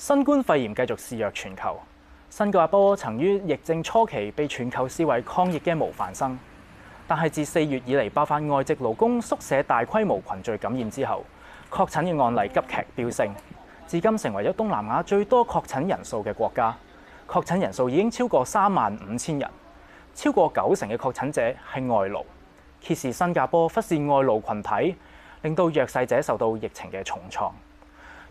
新冠肺炎繼續肆虐全球，新加坡曾於疫症初期被全球視為抗疫嘅模範生，但係自四月以嚟爆發外籍勞工宿舍大規模群聚感染之後，確診嘅案例急劇飆升，至今成為咗東南亞最多確診人數嘅國家，確診人數已經超過三萬五千人，超過九成嘅確診者係外勞，揭示新加坡忽視外勞群體，令到弱勢者受到疫情嘅重創。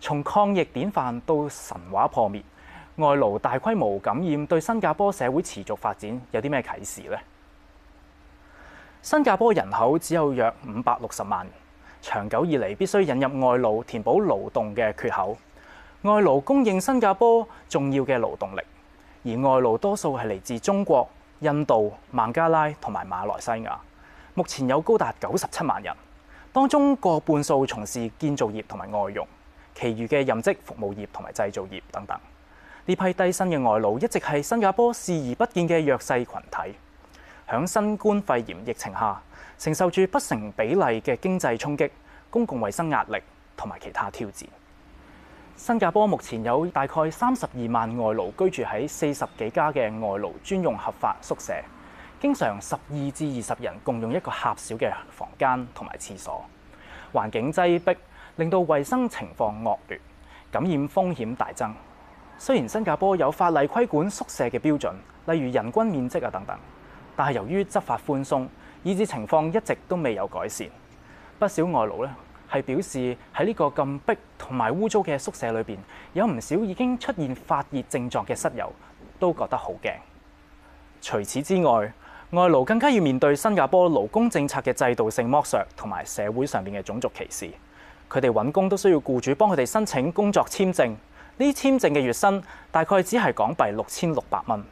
從抗疫典範到神話破滅，外勞大規模感染對新加坡社會持續發展有啲咩啟示呢？新加坡人口只有約五百六十萬，長久以嚟必須引入外勞填補勞動嘅缺口。外勞供應新加坡重要嘅勞動力，而外勞多數係嚟自中國、印度、孟加拉同埋馬來西亞，目前有高達九十七萬人，當中過半數從事建造業同埋外傭。其餘嘅任職服務業同埋製造業等等，呢批低薪嘅外勞一直係新加坡視而不見嘅弱勢群體，響新冠肺炎疫情下，承受住不成比例嘅經濟衝擊、公共衛生壓力同埋其他挑戰。新加坡目前有大概三十二萬外勞居住喺四十幾家嘅外勞專用合法宿舍，經常十二至二十人共用一個狹小嘅房間同埋廁所，環境擠迫。令到衛生情況惡劣，感染風險大增。雖然新加坡有法例規管宿舍嘅標準，例如人均面積啊等等，但係由於執法寬鬆，以致情況一直都未有改善。不少外勞呢，係表示喺呢個咁逼同埋污糟嘅宿舍裏面，有唔少已經出現發熱症狀嘅室友都覺得好驚。除此之外，外勞更加要面對新加坡勞工政策嘅制度性剝削同埋社會上面嘅種族歧視。佢哋揾工都需要雇主幫佢哋申請工作簽證，呢簽證嘅月薪大概只係港幣六千六百蚊，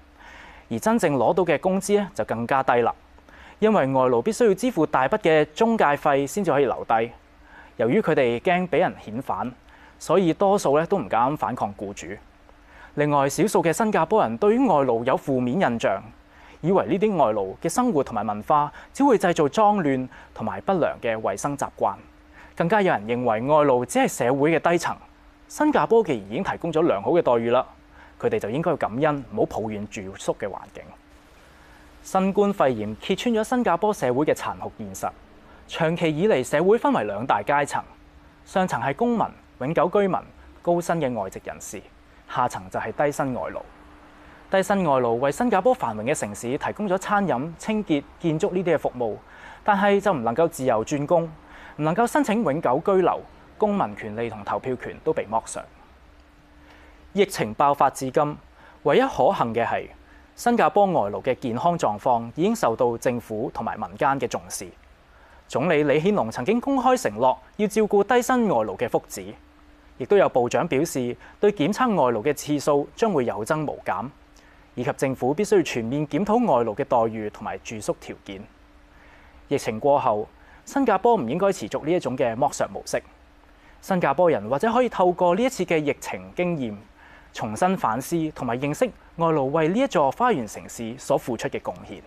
而真正攞到嘅工資咧就更加低啦。因為外勞必須要支付大筆嘅中介費先至可以留低，由於佢哋驚俾人遣返，所以多數咧都唔敢反抗雇主。另外，少數嘅新加坡人對於外勞有負面印象，以為呢啲外勞嘅生活同埋文化只會製造髒亂同埋不良嘅衛生習慣。更加有人認為外勞只係社會嘅低層，新加坡既然已經提供咗良好嘅待遇啦，佢哋就應該要感恩，唔好抱怨住宿嘅環境。新冠肺炎揭穿咗新加坡社會嘅殘酷現實。長期以嚟，社會分為兩大階層，上層係公民、永久居民、高薪嘅外籍人士，下層就係低薪外勞。低薪外勞為新加坡繁榮嘅城市提供咗餐飲、清潔、建築呢啲嘅服務，但係就唔能夠自由轉工。唔能夠申請永久居留，公民權利同投票權都被剝削。疫情爆發至今，唯一可幸嘅係新加坡外勞嘅健康狀況已經受到政府同埋民間嘅重視。總理李顯龍曾經公開承諾要照顧低薪外勞嘅福祉，亦都有部長表示對檢測外勞嘅次數將會有增無減，以及政府必須全面檢討外勞嘅待遇同埋住宿條件。疫情過後。新加坡唔應該持續呢一種嘅剝削模式。新加坡人或者可以透過呢一次嘅疫情經驗，重新反思同埋認識外勞為呢一座花園城市所付出嘅貢獻。